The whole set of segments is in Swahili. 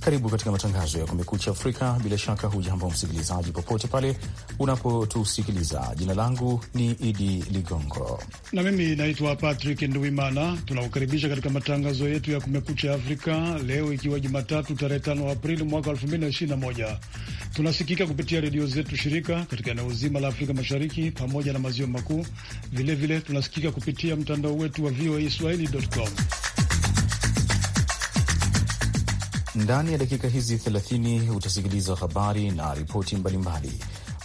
Karibu katika matangazo ya Kumekucha Afrika. Bila shaka, hujambo msikilizaji, popote pale unapotusikiliza. Jina langu ni Idi Ligongo na mimi naitwa Patrick Nduimana. Tunakukaribisha katika matangazo yetu ya Kumekucha Afrika leo ikiwa Jumatatu tarehe 5 Aprili mwaka 2021. Tunasikika kupitia redio zetu shirika katika eneo zima la Afrika Mashariki pamoja na maziwa makuu. Vilevile tunasikika kupitia mtandao wetu wa voa swahili.com. Ndani ya dakika hizi 30 utasikiliza habari na ripoti mbalimbali.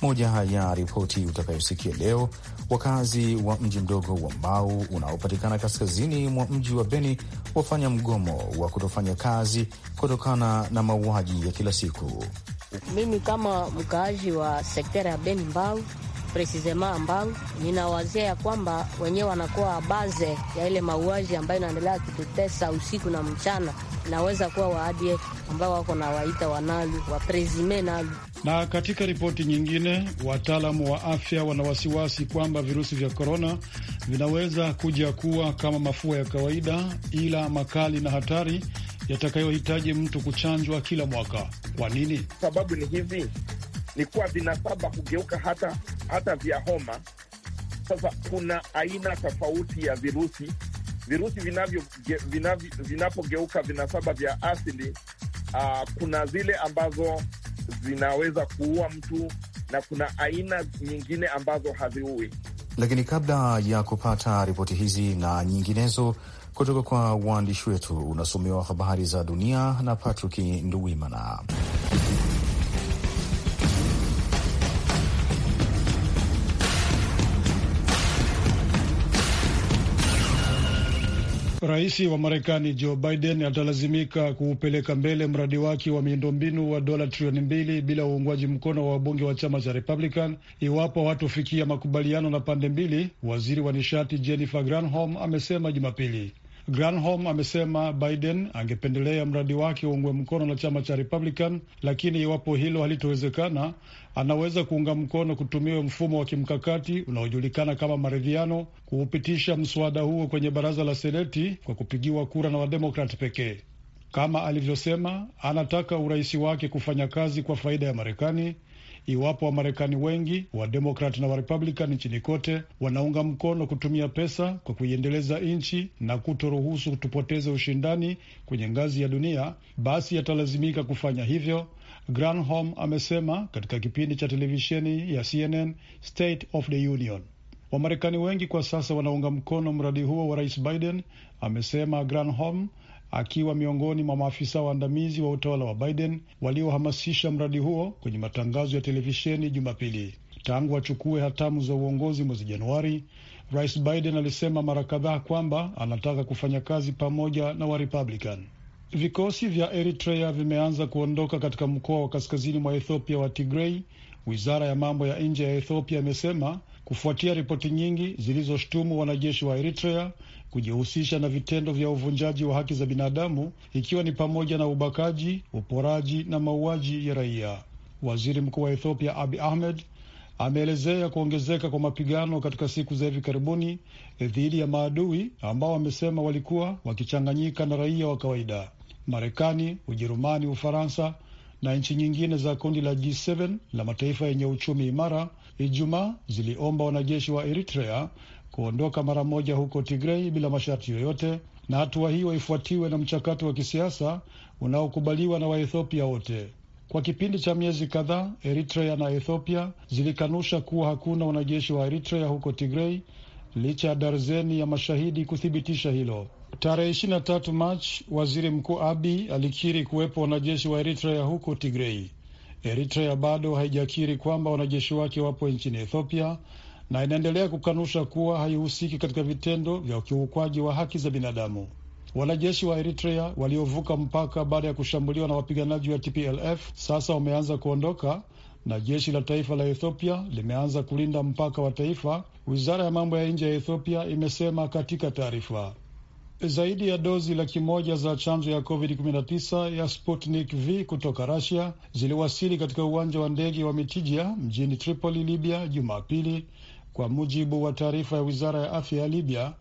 Moja ya ripoti utakayosikia leo, wakazi wa mji mdogo wa Mbau unaopatikana kaskazini mwa mji wa Beni wafanya mgomo wa kutofanya kazi kutokana na mauaji ya kila siku. Mimi kama mkaaji wa sekta ya Beni Mbau presisema ambao ninawazia ya kwamba wenyewe wanakuwa baze ya ile mauaji ambayo inaendelea kututesa usiku na mchana, inaweza kuwa waadie ambao wako na waita wanalu wapresime nalu. Na katika ripoti nyingine, wataalamu wa afya wana wasiwasi kwamba virusi vya korona vinaweza kuja kuwa kama mafua ya kawaida, ila makali na hatari yatakayohitaji mtu kuchanjwa kila mwaka. Kwa nini? Sababu ni hivi ni kuwa vinasaba kugeuka hata, hata vya homa. Sasa kuna aina tofauti ya virusi. Virusi vinapogeuka vinavyo, vinavyo, vinasaba vya asili uh, kuna zile ambazo zinaweza kuua mtu na kuna aina nyingine ambazo haziui. Lakini kabla ya kupata ripoti hizi na nyinginezo kutoka kwa waandishi wetu, unasomewa habari za dunia na Patrick Nduwimana. Rais wa Marekani Joe Biden atalazimika kuupeleka mbele mradi wake wa miundombinu wa dola trilioni mbili bila uungwaji mkono wa wabunge wa chama cha Republican iwapo hatofikia makubaliano na pande mbili, waziri wa nishati Jennifer Granholm amesema Jumapili. Granholm amesema Biden angependelea mradi wake uungwe mkono na chama cha Republican, lakini iwapo hilo halitowezekana, anaweza kuunga mkono kutumiwa mfumo wa kimkakati unaojulikana kama maridhiano kuupitisha mswada huo kwenye baraza la Seneti kwa kupigiwa kura na Wademokrat pekee. Kama alivyosema, anataka urais wake kufanya kazi kwa faida ya Marekani. Iwapo Wamarekani wengi Wademokrat na Warepublican nchini kote wanaunga mkono kutumia pesa kwa kuiendeleza nchi na kutoruhusu tupoteze ushindani kwenye ngazi ya dunia, basi yatalazimika kufanya hivyo Granholm amesema katika kipindi cha televisheni ya CNN State of the Union. Wamarekani wengi kwa sasa wanaunga mkono mradi huo wa Rais Biden, amesema Granholm akiwa miongoni mwa maafisa waandamizi wa utawala wa Biden waliohamasisha mradi huo kwenye matangazo ya televisheni Jumapili. Tangu achukue hatamu za uongozi mwezi Januari, Rais Biden alisema mara kadhaa kwamba anataka kufanya kazi pamoja na Warepublican. Vikosi vya Eritrea vimeanza kuondoka katika mkoa wa kaskazini mwa Ethiopia wa Tigrei, wizara ya mambo ya nje ya Ethiopia imesema kufuatia ripoti nyingi zilizoshtumu wanajeshi wa Eritrea kujihusisha na vitendo vya uvunjaji wa haki za binadamu ikiwa ni pamoja na ubakaji, uporaji na mauaji ya raia. Waziri mkuu wa Ethiopia Abi Ahmed ameelezea kuongezeka kwa mapigano katika siku za hivi karibuni eh, dhidi ya maadui ambao wamesema walikuwa wakichanganyika na raia wa kawaida. Marekani, Ujerumani, Ufaransa na nchi nyingine za kundi la G7 la mataifa yenye uchumi imara Ijumaa ziliomba wanajeshi wa Eritrea kuondoka mara moja huko Tigrei bila masharti yoyote, na hatua hiyo ifuatiwe na mchakato wa kisiasa unaokubaliwa na Waethiopia wote. Kwa kipindi cha miezi kadhaa, Eritrea na Ethiopia zilikanusha kuwa hakuna wanajeshi wa Eritrea huko Tigrei licha ya darzeni ya mashahidi kuthibitisha hilo. Tarehe 23 Machi, waziri mkuu Abi alikiri kuwepo wanajeshi wa Eritrea huko Tigrei. Eritrea bado haijakiri kwamba wanajeshi wake wapo nchini Ethiopia na inaendelea kukanusha kuwa haihusiki katika vitendo vya ukiukwaji wa haki za binadamu. Wanajeshi wa Eritrea waliovuka mpaka baada ya kushambuliwa na wapiganaji wa TPLF sasa wameanza kuondoka na jeshi la taifa la Ethiopia limeanza kulinda mpaka wa taifa, wizara ya mambo ya nje ya Ethiopia imesema katika taarifa. Zaidi ya dozi laki moja za chanjo ya COVID-19 ya Sputnik V kutoka Russia ziliwasili katika uwanja wa ndege wa Mitijia mjini Tripoli, Libya, Jumapili, kwa mujibu wa taarifa ya wizara ya afya ya Libya,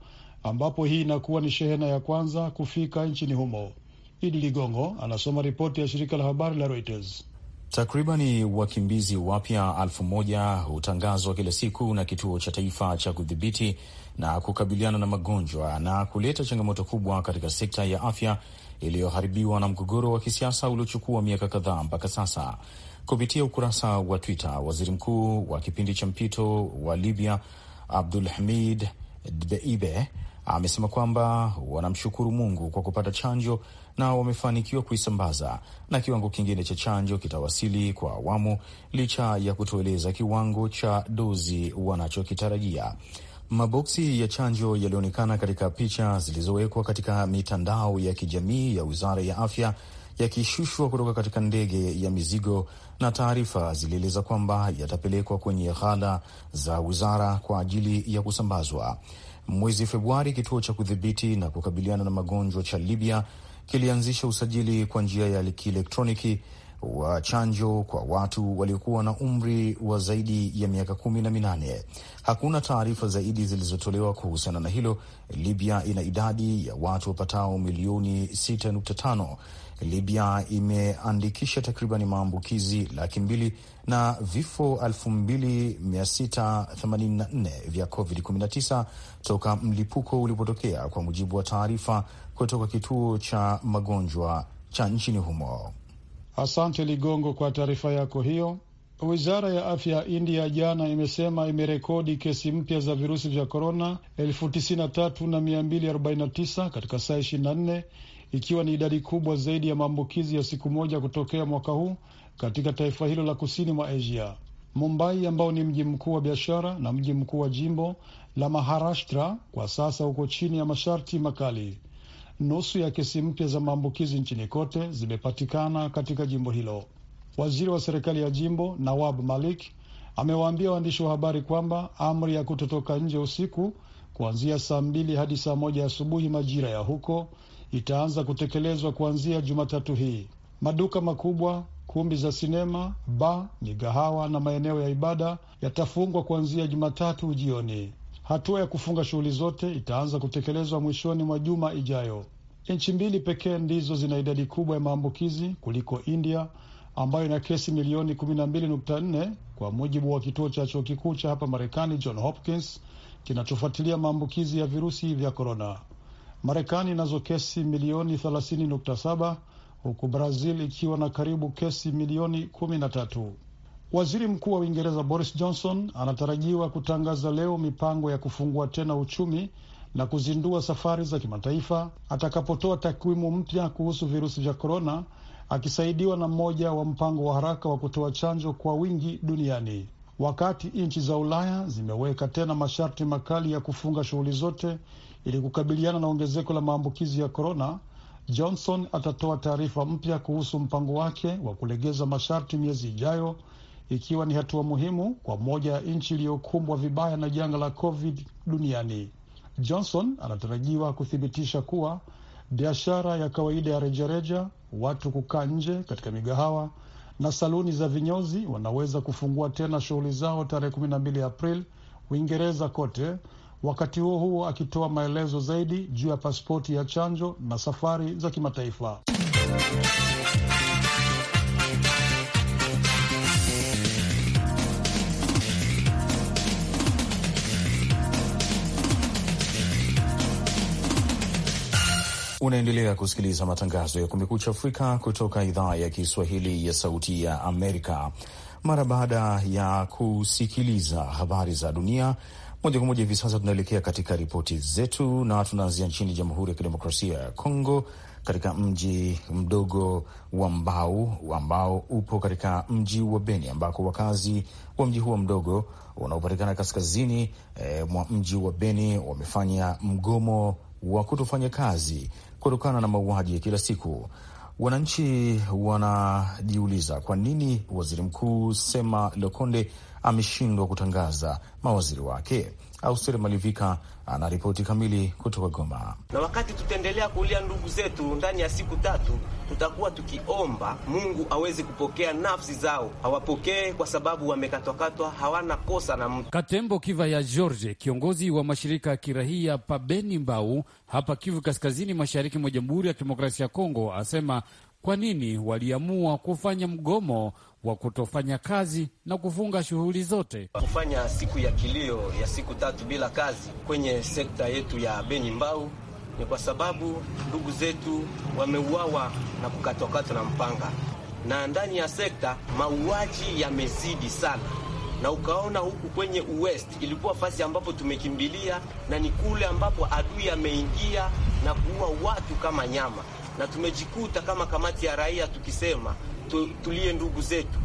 ambapo hii inakuwa ni shehena ya kwanza kufika nchini humo. Idi Ligongo anasoma ripoti ya shirika la habari la Reuters. Takribani wakimbizi wapya elfu moja hutangazwa kila siku na kituo cha taifa cha kudhibiti na kukabiliana na magonjwa na kuleta changamoto kubwa katika sekta ya afya iliyoharibiwa na mgogoro wa kisiasa uliochukua miaka kadhaa mpaka sasa. Kupitia ukurasa wa Twitter, waziri mkuu wa kipindi cha mpito wa Libya Abdul Hamid Dbeibe amesema kwamba wanamshukuru Mungu kwa kupata chanjo na wamefanikiwa kuisambaza na kiwango kingine cha chanjo kitawasili kwa awamu, licha ya kutoeleza kiwango cha dozi wanachokitarajia. Maboksi ya chanjo yaliyoonekana katika picha zilizowekwa katika mitandao ya kijamii ya Wizara ya Afya yakishushwa kutoka katika ndege ya mizigo, na taarifa zilieleza kwamba yatapelekwa kwenye ghala za wizara kwa ajili ya kusambazwa. Mwezi Februari, kituo cha kudhibiti na kukabiliana na magonjwa cha Libya kilianzisha usajili kwa njia ya kielektroniki wa chanjo kwa watu waliokuwa na umri wa zaidi ya miaka kumi na minane. Hakuna taarifa zaidi zilizotolewa kuhusiana na hilo. Libya ina idadi ya watu wapatao milioni 6.5. Libya imeandikisha takriban maambukizi laki mbili na vifo 2684 vya COVID-19 toka mlipuko ulipotokea, kwa mujibu wa taarifa kutoka kituo cha magonjwa cha nchini humo. Asante Ligongo kwa taarifa yako hiyo. Wizara ya afya ya India jana imesema imerekodi kesi mpya za virusi vya korona elfu na katika saa 24 ikiwa ni idadi kubwa zaidi ya maambukizi ya siku moja kutokea mwaka huu katika taifa hilo la kusini mwa Asia. Mumbai ambao ni mji mkuu wa biashara na mji mkuu wa jimbo la Maharashtra kwa sasa uko chini ya masharti makali nusu ya kesi mpya za maambukizi nchini kote zimepatikana katika jimbo hilo. Waziri wa serikali ya jimbo Nawab Malik amewaambia waandishi wa habari kwamba amri ya kutotoka nje usiku kuanzia saa mbili hadi saa moja asubuhi majira ya huko itaanza kutekelezwa kuanzia Jumatatu hii. Maduka makubwa, kumbi za sinema, ba migahawa na maeneo ya ibada yatafungwa kuanzia Jumatatu jioni. Hatua ya kufunga shughuli zote itaanza kutekelezwa mwishoni mwa juma ijayo. Nchi mbili pekee ndizo zina idadi kubwa ya maambukizi kuliko India ambayo ina kesi milioni 12.4 kwa mujibu wa kituo cha chuo kikuu cha hapa Marekani John Hopkins kinachofuatilia maambukizi ya virusi vya korona. Marekani inazo kesi milioni 30.7 huku Brazil ikiwa na karibu kesi milioni 13. Waziri Mkuu wa Uingereza Boris Johnson anatarajiwa kutangaza leo mipango ya kufungua tena uchumi na kuzindua safari za kimataifa atakapotoa takwimu mpya kuhusu virusi vya korona, akisaidiwa na mmoja wa mpango wa haraka wa kutoa chanjo kwa wingi duniani. Wakati nchi za Ulaya zimeweka tena masharti makali ya kufunga shughuli zote ili kukabiliana na ongezeko la maambukizi ya korona, Johnson atatoa taarifa mpya kuhusu mpango wake wa kulegeza masharti miezi ijayo ikiwa ni hatua muhimu kwa moja ya nchi iliyokumbwa vibaya na janga la COVID duniani. Johnson anatarajiwa kuthibitisha kuwa biashara ya kawaida ya rejareja, watu kukaa nje katika migahawa na saluni za vinyozi wanaweza kufungua tena shughuli zao tarehe 12 april Uingereza kote, wakati huo huo akitoa maelezo zaidi juu ya pasipoti ya chanjo na safari za kimataifa. Unaendelea kusikiliza matangazo ya Kumekucha Afrika kutoka idhaa ya Kiswahili ya Sauti ya Amerika. Mara baada ya kusikiliza habari za dunia moja kwa moja, hivi sasa tunaelekea katika ripoti zetu na tunaanzia nchini Jamhuri ya Kidemokrasia ya Kongo, katika mji mdogo wa Mbau ambao upo katika mji wa Beni, ambako wakazi wa mji huo mdogo unaopatikana kaskazini eh, mwa mji wa Beni wamefanya mgomo wa kutofanya kazi kutokana na mauaji ya kila siku. Wananchi wanajiuliza kwa nini waziri mkuu Sema lokonde ameshindwa kutangaza mawaziri wake. Austeri Malivika ana ripoti kamili kutoka Goma. Na wakati tutaendelea kuulia ndugu zetu, ndani ya siku tatu tutakuwa tukiomba Mungu aweze kupokea nafsi zao, hawapokee kwa sababu wamekatwakatwa, hawana kosa na mtu. Katembo Kiva ya George, kiongozi wa mashirika ya kirahia Pabeni Mbau hapa Kivu Kaskazini, mashariki mwa Jamhuri ya Kidemokrasia ya Kongo, asema kwa nini waliamua kufanya mgomo wa kutofanya kazi na kufunga shughuli zote. Kufanya siku ya kilio ya siku tatu bila kazi kwenye sekta yetu ya Beni Mbau ni kwa sababu ndugu zetu wameuawa na kukatwakatwa na mpanga, na ndani ya sekta mauaji yamezidi sana na ukaona huku kwenye uwest ilikuwa fasi ambapo tumekimbilia, na ni kule ambapo adui ameingia na kuua watu kama nyama na tumejikuta kama kamati ya raia tukisema tu, tulie ndugu zetu,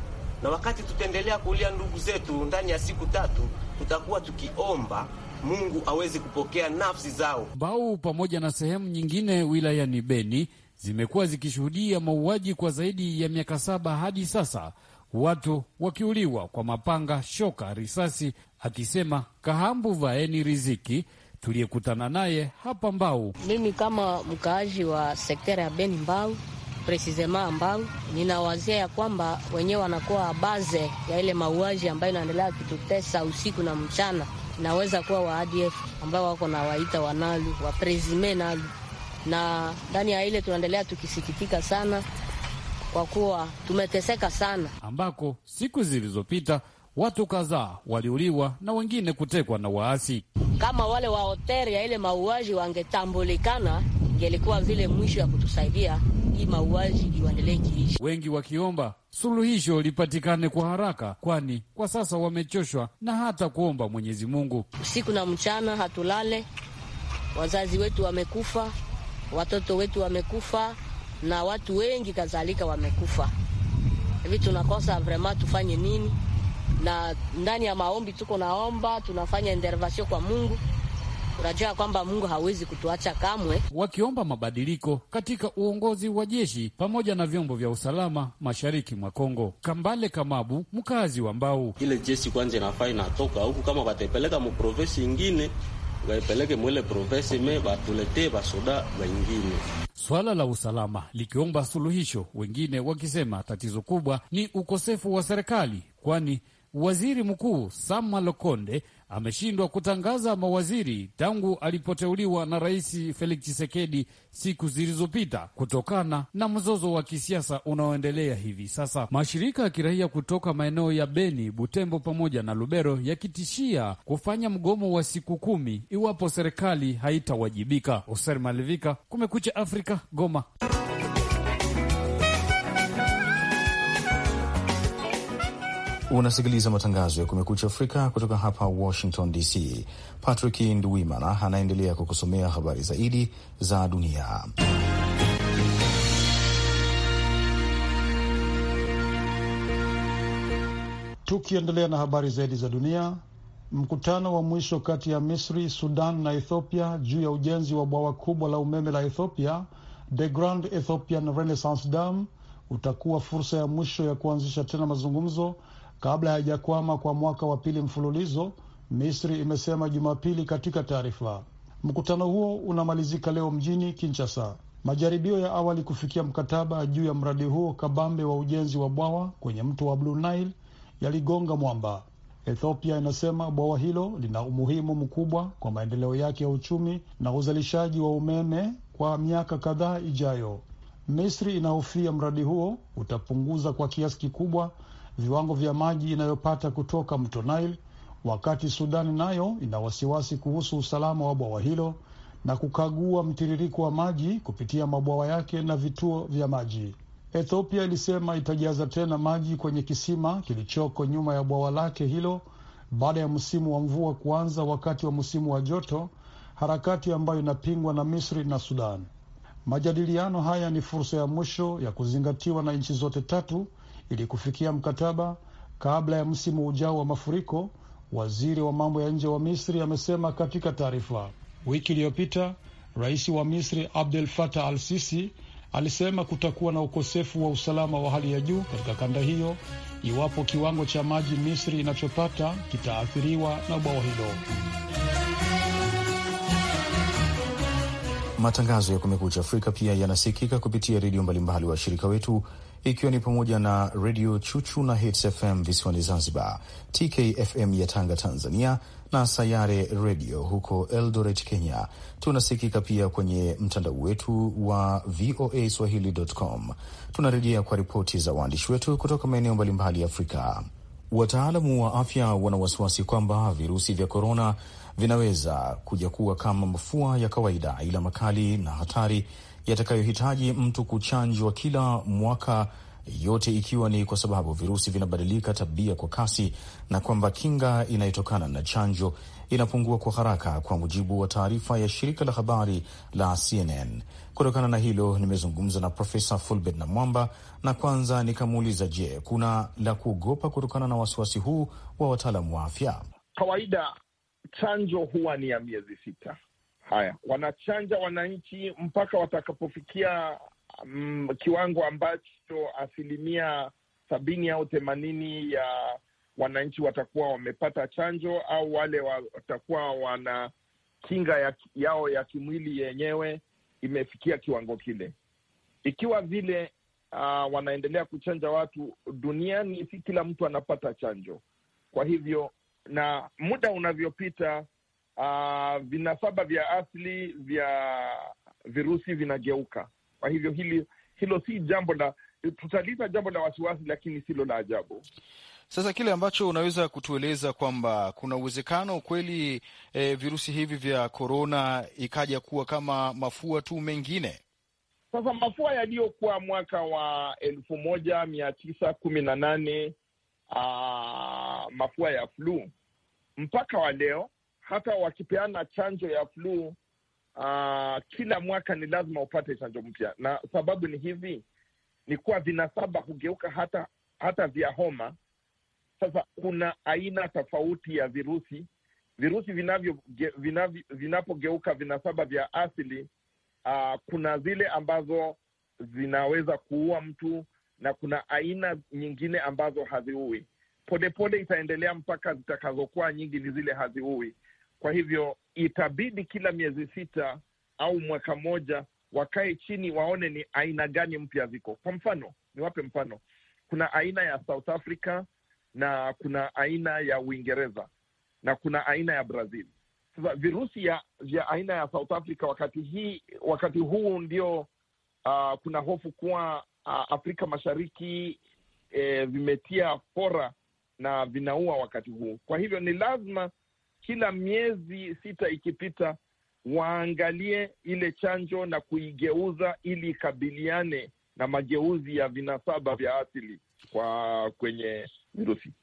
na wakati tutaendelea kulia ndugu zetu, ndani ya siku tatu tutakuwa tukiomba Mungu aweze kupokea nafsi zao. Bau pamoja na sehemu nyingine wilayani Beni zimekuwa zikishuhudia mauaji kwa zaidi ya miaka saba hadi sasa, watu wakiuliwa kwa mapanga, shoka, risasi, akisema Kahambu Vaeni Riziki tuliyekutana naye hapa Mbau. Mimi kama mkaaji wa sektera ya Beni Mbau presisema Mbau, ninawazia ya kwamba wenyewe wanakuwa baze ya ile mauaji ambayo inaendelea kitutesa usiku na mchana. Inaweza kuwa wa ADF ambao wako na waita wanalu wa presime nalu, na ndani ya ile tunaendelea tukisikitika sana kwa kuwa tumeteseka sana, ambako siku zilizopita Watu kadhaa waliuliwa na wengine kutekwa na waasi. Kama wale wa hoteli ya ile mauaji wangetambulikana, ingelikuwa vile mwisho ya kutusaidia hii mauaji iwaendelee kiishi, wengi wakiomba suluhisho lipatikane kwa haraka, kwani kwa sasa wamechoshwa na hata kuomba Mwenyezi Mungu. Usiku na mchana hatulale, wazazi wetu wamekufa, watoto wetu wamekufa, na watu wengi kadhalika wamekufa. Hivi tunakosa vrema, tufanye nini? na ndani ya maombi tuko naomba, tunafanya intervention kwa Mungu. Unajua kwamba Mungu hawezi kutuacha kamwe. Wakiomba mabadiliko katika uongozi wa jeshi pamoja na vyombo vya usalama mashariki mwa Kongo. Kambale Kamabu, mkazi wa Mbau: ile jeshi kwanza inafaa inatoka huku, kama wataipeleka muprovesi ingine waipeleke mwele provesi me watuletee basoda wengine. Swala la usalama likiomba suluhisho, wengine wakisema tatizo kubwa ni ukosefu wa serikali, kwani Waziri Mkuu Sam Malokonde ameshindwa kutangaza mawaziri tangu alipoteuliwa na Rais Felix chisekedi siku zilizopita kutokana na mzozo wa kisiasa unaoendelea hivi sasa. Mashirika ya kiraia kutoka maeneo ya Beni, Butembo pamoja na Lubero yakitishia kufanya mgomo wa siku kumi iwapo serikali haitawajibika. Hoser Malivika, Kumekucha Afrika, Goma. Unasikiliza matangazo ya Kumekucha Afrika kutoka hapa Washington DC. Patrick Nduwimana anaendelea kukusomea habari zaidi za dunia. Tukiendelea na habari zaidi za dunia, mkutano wa mwisho kati ya Misri, Sudan na Ethiopia juu ya ujenzi wa bwawa kubwa la umeme la Ethiopia, The Grand Ethiopian Renaissance Dam, utakuwa fursa ya mwisho ya kuanzisha tena mazungumzo kabla hayajakwama kwa mwaka wa pili mfululizo, Misri imesema Jumapili katika taarifa. Mkutano huo unamalizika leo mjini Kinshasa. Majaribio ya awali kufikia mkataba juu ya mradi huo kabambe wa ujenzi wa bwawa kwenye mto wa Blue Nile yaligonga mwamba. Ethiopia inasema bwawa hilo lina umuhimu mkubwa kwa maendeleo yake ya uchumi na uzalishaji wa umeme kwa miaka kadhaa ijayo. Misri inahofia mradi huo utapunguza kwa kiasi kikubwa viwango vya maji inayopata kutoka mto Nile, wakati Sudani nayo ina wasiwasi kuhusu usalama wa bwawa hilo na kukagua mtiririko wa maji kupitia mabwawa yake na vituo vya maji. Ethiopia ilisema itajaza tena maji kwenye kisima kilichoko nyuma ya bwawa lake hilo baada ya msimu wa mvua kuanza wakati wa msimu wa joto, harakati ambayo inapingwa na Misri na Sudan. Majadiliano haya ni fursa ya mwisho ya kuzingatiwa na nchi zote tatu ili kufikia mkataba kabla ya msimu ujao wa mafuriko, waziri wa mambo ya nje wa Misri amesema katika taarifa. Wiki iliyopita rais wa Misri Abdel Fattah al Sisi alisema kutakuwa na ukosefu wa usalama wa hali ya juu katika kanda hiyo iwapo kiwango cha maji Misri inachopata kitaathiriwa na bwawa hilo. Matangazo ya Kumekucha Afrika pia yanasikika kupitia redio mbalimbali wa washirika wetu ikiwa ni pamoja na redio Chuchu na Hits FM visiwani Zanzibar, TKFM ya Tanga, Tanzania, na Sayare redio huko Eldoret, Kenya. Tunasikika pia kwenye mtandao wetu wa VOA Swahili.com. Tunarejea kwa ripoti za waandishi wetu kutoka maeneo mbalimbali ya Afrika. Wataalamu wa afya wana wasiwasi kwamba virusi vya korona vinaweza kuja kuwa kama mafua ya kawaida, ila makali na hatari yatakayohitaji mtu kuchanjwa kila mwaka, yote ikiwa ni kwa sababu virusi vinabadilika tabia kwa kasi na kwamba kinga inayotokana na chanjo inapungua kwa haraka, kwa mujibu wa taarifa ya shirika la habari la CNN. Kutokana na hilo, nimezungumza na Profesa Fulbert na Mwamba na kwanza nikamuuliza, je, kuna la kuogopa kutokana na wasiwasi huu wa wataalamu wa afya? Kawaida chanjo huwa ni ya miezi sita. Haya, wanachanja wananchi mpaka watakapofikia mm, kiwango ambacho asilimia sabini au themanini ya wananchi watakuwa wamepata chanjo au wale watakuwa wana kinga ya, yao ya kimwili yenyewe imefikia kiwango kile. Ikiwa vile uh, wanaendelea kuchanja watu duniani, si kila mtu anapata chanjo. Kwa hivyo na muda unavyopita, uh, vinasaba vya asili vya virusi vinageuka. Kwa hivyo hili hilo si jambo la tutaliza, jambo la wasiwasi, lakini silo la ajabu. Sasa kile ambacho unaweza kutueleza kwamba kuna uwezekano kweli e, virusi hivi vya korona ikaja kuwa kama mafua tu mengine. Sasa mafua yaliyokuwa mwaka wa elfu moja mia tisa kumi na nane ah, mafua ya flu mpaka wa leo, hata wakipeana chanjo ya flu uh, kila mwaka ni lazima upate chanjo mpya, na sababu ni hivi, ni kuwa vinasaba hugeuka hata hata vya homa. Sasa kuna aina tofauti ya virusi virusi vinavyo vinavyo vinapogeuka vinasaba vya asili uh, kuna zile ambazo zinaweza kuua mtu na kuna aina nyingine ambazo haziui polepole itaendelea mpaka zitakazokuwa nyingi ni zile haziui. Kwa hivyo itabidi kila miezi sita au mwaka mmoja wakae chini waone ni aina gani mpya ziko. Kwa mfano, niwape mfano, kuna aina ya South Africa na kuna aina ya Uingereza na kuna aina ya Brazil. Sasa virusi ya, vya aina ya South Africa wakati hii, wakati huu ndio uh, kuna hofu kuwa uh, Afrika Mashariki eh, vimetia fora na vinaua wakati huu. Kwa hivyo ni lazima kila miezi sita ikipita, waangalie ile chanjo na kuigeuza ili ikabiliane na mageuzi ya vinasaba vya asili kwa kwenye virusi.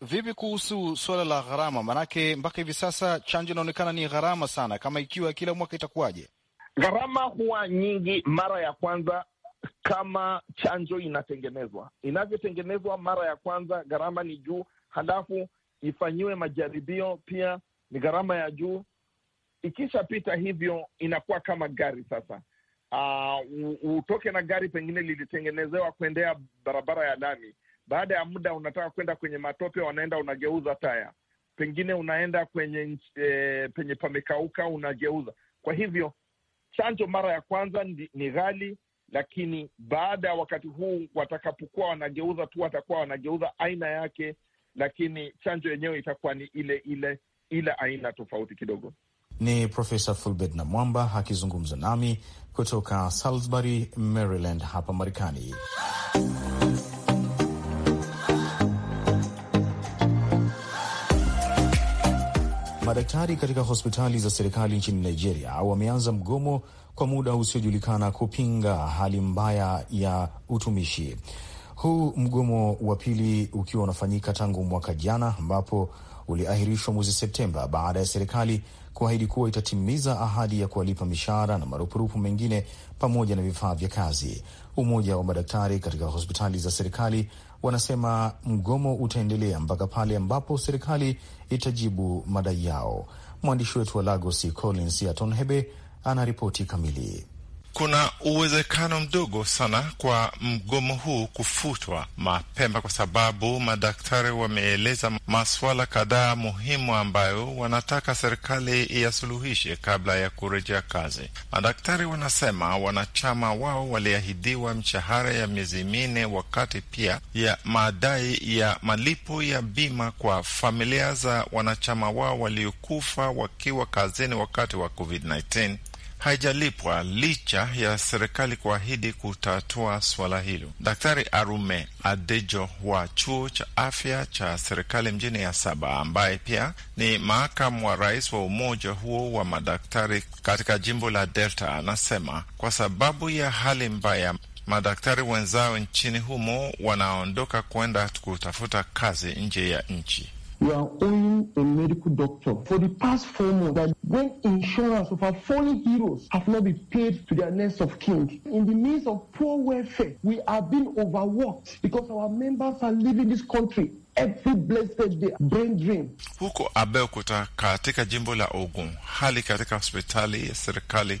Vipi kuhusu suala la gharama? Maanake mpaka hivi sasa chanjo inaonekana ni gharama sana. Kama ikiwa kila mwaka itakuwaje? Gharama huwa nyingi mara ya kwanza kama chanjo inatengenezwa inavyotengenezwa. Mara ya kwanza gharama ni juu, halafu ifanyiwe majaribio pia ni gharama ya juu. Ikishapita hivyo inakuwa kama gari sasa. Uh, utoke na gari pengine lilitengenezewa kuendea barabara ya lami, baada ya muda unataka kwenda kwenye matope, wanaenda unageuza taya, pengine unaenda kwenye e, penye pamekauka unageuza. Kwa hivyo chanjo mara ya kwanza ni ghali, lakini baada ya wakati huu watakapokuwa wanageuza tu, watakuwa wanageuza aina yake, lakini chanjo yenyewe itakuwa ni ile ile, ila aina tofauti kidogo. Ni Profesa Fulbert Namwamba akizungumza nami kutoka Salisbury, Maryland, hapa Marekani. Madaktari katika hospitali za serikali nchini Nigeria wameanza mgomo kwa muda usiojulikana kupinga hali mbaya ya utumishi, huu mgomo wa pili ukiwa unafanyika tangu mwaka jana ambapo uliahirishwa mwezi Septemba baada ya serikali kuahidi kuwa itatimiza ahadi ya kuwalipa mishahara na marupurupu mengine pamoja na vifaa vya kazi. Umoja wa madaktari katika hospitali za serikali wanasema mgomo utaendelea mpaka pale ambapo serikali itajibu madai yao. Mwandishi wetu wa Lagos Collins Atonhebe anaripoti kamili kuna uwezekano mdogo sana kwa mgomo huu kufutwa mapema, kwa sababu madaktari wameeleza masuala kadhaa muhimu ambayo wanataka serikali iyasuluhishe kabla ya kurejea kazi. Madaktari wanasema wanachama wao waliahidiwa mshahara ya miezi minne, wakati pia ya madai ya malipo ya bima kwa familia za wanachama wao waliokufa wakiwa kazini wakati wa COVID-19 haijalipwa licha ya serikali kuahidi kutatua swala hilo. Daktari Arume Adejo wa chuo cha afya cha serikali mjini Asaba, ambaye pia ni makamu wa rais wa umoja huo wa madaktari katika jimbo la Delta, anasema kwa sababu ya hali mbaya madaktari wenzao nchini humo wanaondoka kwenda kutafuta kazi nje ya nchi you are only a medical doctor. For the past four months, that when insurance of our fallen heroes have not been paid to their next of kin, in the midst of poor welfare, we are being overworked because our members are leaving this country every blessed day brain drain. Huko Abeokuta katika jimbo la Ogun, hali katika hospitali ya serikali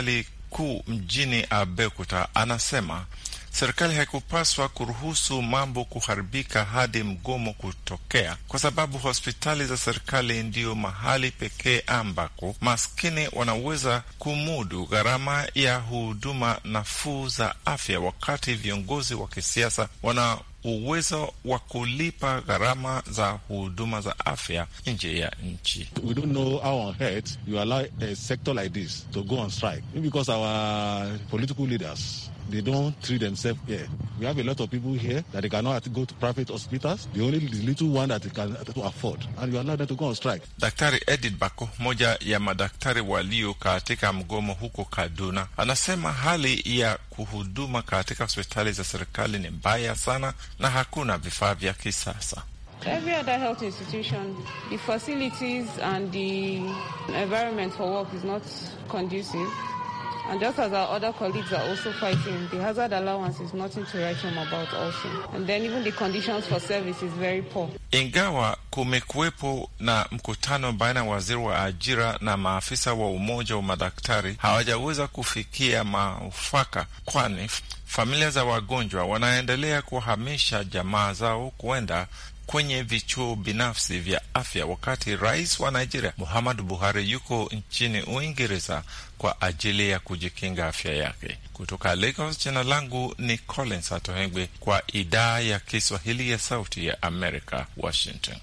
serikali kuu mjini Abeokuta anasema serikali haikupaswa kuruhusu mambo kuharibika hadi mgomo kutokea, kwa sababu hospitali za serikali ndiyo mahali pekee ambako maskini wanaweza kumudu gharama ya huduma nafuu za afya, wakati viongozi wa kisiasa wana uwezo wa kulipa gharama za huduma za afya nje ya nchi. we don't know how on on you allow a sector like this to go our they don't treat themselves here. We have a lot of people here that they cannot go to private hospitals, the only the little one that they can to afford, and you allow them to go on strike. Daktari Edith Bako, mmoja ya madaktari walio katika mgomo huko Kaduna, anasema hali ya kuhuduma katika hospitali za serikali ni mbaya sana na hakuna vifaa vya kisasa. Every other health institution, the facilities and the environment for work is not conducive. And just as our other colleagues are also fighting, the hazard allowance is nothing to write home about also. And then even the conditions for service is very poor. Ingawa kumekuwepo na mkutano baina ya waziri wa ajira na maafisa wa umoja wa madaktari, hawajaweza kufikia maufaka, kwani familia za wagonjwa wanaendelea kuhamisha jamaa zao kuenda kwenye vichuo binafsi vya afya, wakati rais wa Nigeria Muhammadu Buhari yuko nchini Uingereza kwa ajili ya kujikinga afya yake. Kutoka Lagos, jina langu ni Collins Atohengwe kwa idhaa ya Kiswahili ya Sauti ya Amerika, Washington.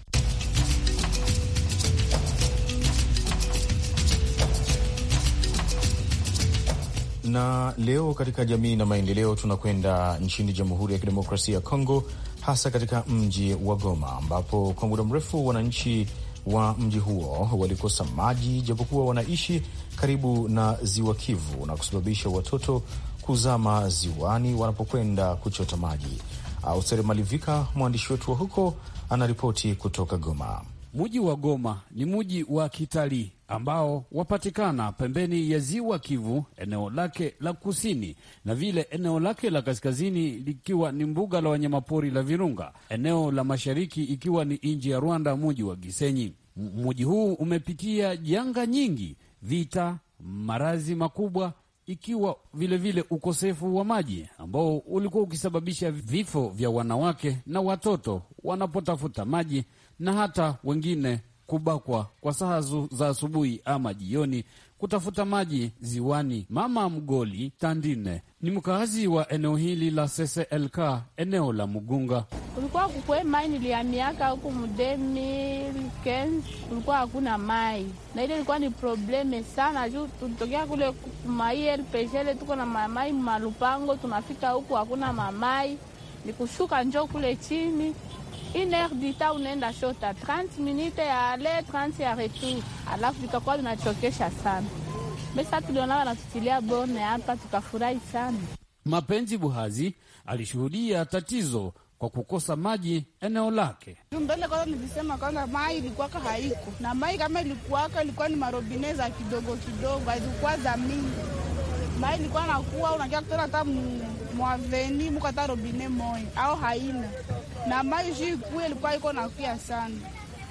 Na leo katika jamii na maendeleo, tunakwenda nchini Jamhuri ya Kidemokrasia ya Kongo hasa katika mji wa Goma ambapo kwa muda mrefu wananchi wa mji huo walikosa maji japokuwa wanaishi karibu na ziwa Kivu na kusababisha watoto kuzama ziwani wanapokwenda kuchota maji. Ausere Malivika, mwandishi wetu wa huko, anaripoti kutoka Goma. Mji wa Goma ni mji wa kitalii ambao wapatikana pembeni ya ziwa Kivu, eneo lake la kusini na vile eneo lake la kaskazini likiwa ni mbuga la wanyamapori la Virunga, eneo la mashariki ikiwa ni nchi ya Rwanda, mji wa Gisenyi. Mji huu umepitia janga nyingi, vita, marazi makubwa ikiwa vilevile vile ukosefu wa maji ambao ulikuwa ukisababisha vifo vya wanawake na watoto wanapotafuta maji na hata wengine kubakwa kwa saa za asubuhi ama jioni kutafuta maji ziwani. Mama Mgoli Tandine ni mkaazi wa eneo hili la SSLK eneo la Mugunga. Kulikuwa kukwe mai miaka huku mdemi ken, kulikuwa hakuna mai na ile ilikuwa ni probleme sana juu tulitokea kule maielpeshele, tuko na mamai malupango, tunafika huku hakuna mamai, ni kushuka njo kule chini iner dita unaenda shota 30 minutes ya ale 30 ya retur, alafu vikakuwa vinachokesha sana. Besa tuliona wanatutilia bone hapa, tukafurahi sana. Mapenzi Buhazi alishuhudia tatizo kwa kukosa maji eneo lake. Mbele kwanza nilisema kwanza mai ilikuwaka haiko na mai, kama ilikuwaka ilikuwa ni marobine za kidogo kidogo, hazikuwa za mingi mai ilikuwa nakuwa unakia kutola hata mwaveni mukata robine moya au haina na mai ju ikuya ilikuwa iko nakuya sana,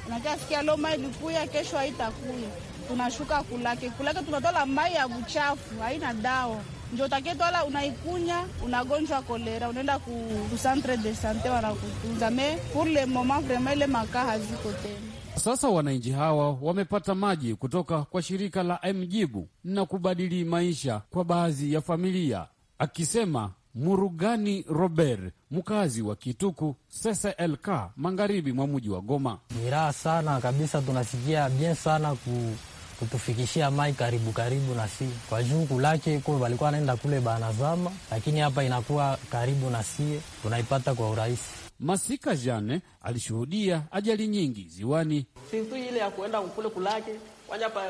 unakia sikia lo mai ilikuya kesho haitakuya, tunashuka kulake kulake, tunatola mai ya buchafu haina dawa njo taketwala unaikunya unagonjwa kolera, unaenda ku centre de sante wanakutunza. Me pour le moment vraiment ile makaa haziko tena. Sasa wananchi hawa wamepata maji kutoka kwa shirika la Mjibu na kubadili maisha kwa baadhi ya familia, akisema Murugani Robert, mkazi wa Kituku cclk magharibi mwa mji wa Goma. Ni raha sana kabisa, tunasikia bien sana ku, kutufikishia mai karibu karibu na si kwa juu kulake ko walikuwa naenda kule banazama, lakini hapa inakuwa karibu na sie, tunaipata kwa urahisi. Masika Jane alishuhudia ajali nyingi ziwani, siku ile ya kuenda kule kulake kwanja pa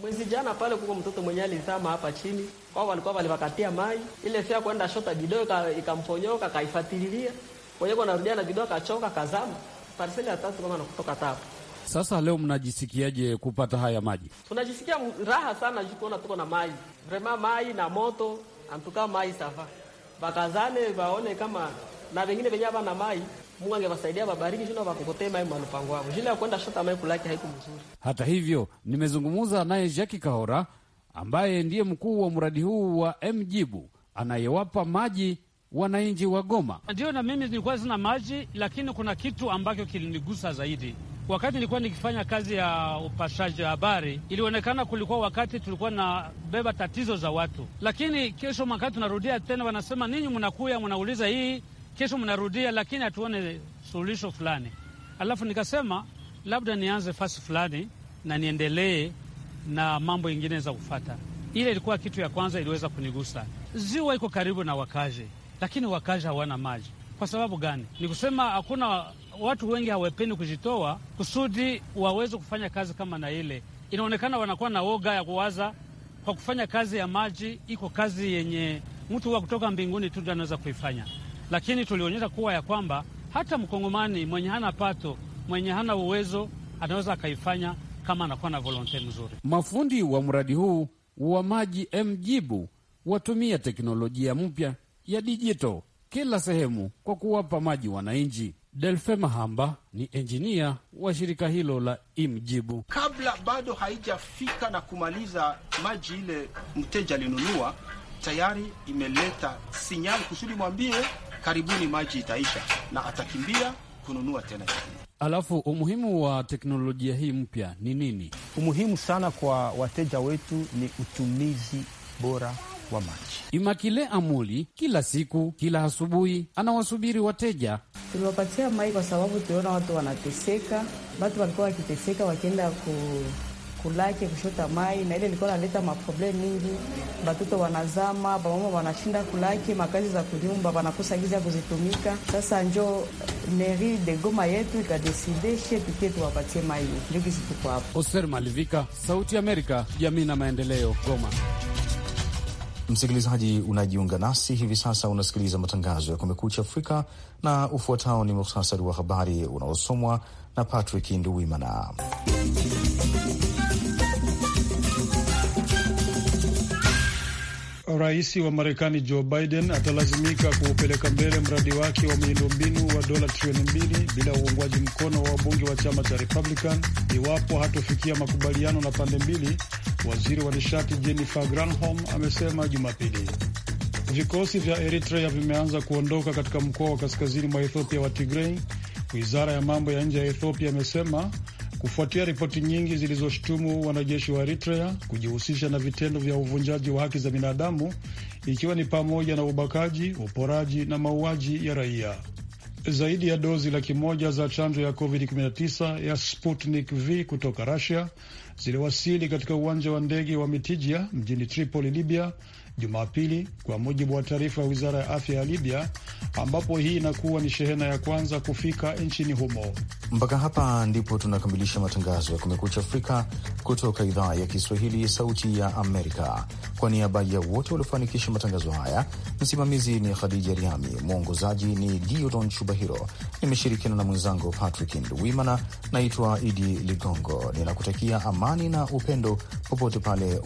mwezi jana pale kuko mtoto mwenye alizama hapa chini kwao, walikuwa walivakatia mai ile sio kwenda shota bidoo ikamponyoka kaifatililia kwenye narudia na bidoo kachoka kazama parcela tatu kama nakutoka tapo. Sasa leo mnajisikiaje kupata haya maji? Tunajisikia raha sana kuona tuko na maji vrema, mai na moto antuka mai safa, bakazane vaone kama na vengine venye vana mai Mungu angewasaidia babariki shina wakokotee mai mwanupango wao shina kwenda shota mai kulaki haiku mzuri. Hata hivyo nimezungumza naye Jackie Kahora ambaye ndiye mkuu wa mradi huu wa Mjibu anayewapa maji wananchi wa Goma. Ndio, na mimi nilikuwa sina maji, lakini kuna kitu ambacho kilinigusa zaidi wakati nilikuwa nikifanya kazi ya upashaji wa habari, ilionekana kulikuwa wakati tulikuwa nabeba tatizo za watu, lakini kesho mwakati tunarudia tena, wanasema ninyi mnakuya mnauliza hii kesho mnarudia, lakini hatuone suluhisho fulani. Alafu nikasema labda nianze fasi fulani na niendelee na mambo ingine za kufata. Ile ilikuwa kitu ya kwanza iliweza kunigusa. Ziwa iko karibu na wakazi, lakini wakazi hawana maji. Kwa sababu gani? Ni kusema hakuna watu wengi hawapendi kujitoa kusudi waweze kufanya kazi kama na ile. Inaonekana wanakuwa na woga ya kuwaza kwa kufanya kazi ya maji, iko kazi yenye mtu wa kutoka mbinguni tu ndio anaweza kuifanya lakini tulionyesha kuwa ya kwamba hata mkongomani mwenye hana pato, mwenye hana uwezo anaweza akaifanya kama anakuwa na volonte mzuri. Mafundi wa mradi huu wa maji mjibu watumia teknolojia mpya ya dijito kila sehemu kwa kuwapa maji wananchi. Delfe Mahamba ni enjinia wa shirika hilo la Imjibu. Kabla bado haijafika na kumaliza maji ile mteja alinunua, tayari imeleta sinyali kusudi mwambie karibuni maji itaisha na atakimbia kununua tena. Alafu umuhimu wa teknolojia hii mpya ni nini? Umuhimu sana kwa wateja wetu ni utumizi bora wa maji. Imakile Amuli kila siku, kila asubuhi anawasubiri wateja. Tuliwapatia mai kwa sababu tuliona watu wanateseka, watu walikuwa wakiteseka wakienda ku kulake kushota mai, na ile ilikuwa naleta maproblemu mingi. Batoto wanazama, bamama wanashinda kulake, makazi za kunyumba wanakosa gizi ya kuzitumika. Sasa njo meri de Goma yetu ikadeside she tukie tuwapatie mai, njo kisi tuko hapo. Oser Malivika, Sauti ya Amerika, jamii na maendeleo, Goma. Msikilizaji unajiunga nasi hivi sasa, unasikiliza matangazo ya Kumekucha Afrika na ufuatao ni muhtasari wa habari unaosomwa na Patrick Nduwimana. Rais wa Marekani Joe Biden atalazimika kuupeleka mbele mradi wake wa miundombinu wa dola trilioni mbili bila uungwaji mkono wa wabunge wa chama cha Republican iwapo hatofikia makubaliano na pande mbili, waziri wa nishati Jennifer Granholm amesema Jumapili. Vikosi vya Eritrea vimeanza kuondoka katika mkoa wa kaskazini mwa Ethiopia wa Tigrei. Wizara ya mambo ya nje ya Ethiopia imesema kufuatia ripoti nyingi zilizoshutumu wanajeshi wa Eritrea kujihusisha na vitendo vya uvunjaji wa haki za binadamu ikiwa ni pamoja na ubakaji, uporaji na mauaji ya raia. Zaidi ya dozi laki moja za chanjo ya COVID-19 ya Sputnik V kutoka rasia ziliwasili katika uwanja wa ndege wa Mitijia mjini Tripoli, Libya, Jumapili, kwa mujibu wa taarifa ya wizara ya afya ya Libya ambapo hii inakuwa ni shehena ya kwanza kufika nchini humo. Mpaka hapa ndipo tunakamilisha matangazo ya Kumekucha Afrika kutoka idhaa ya Kiswahili ya Sauti ya Amerika. Kwa niaba ya wote waliofanikisha matangazo haya, msimamizi ni Khadija Riami, mwongozaji ni Diodon Shubahiro. Nimeshirikiana na mwenzangu Patrick Nduwimana. Naitwa Idi Ligongo, ninakutakia amani na upendo popote pale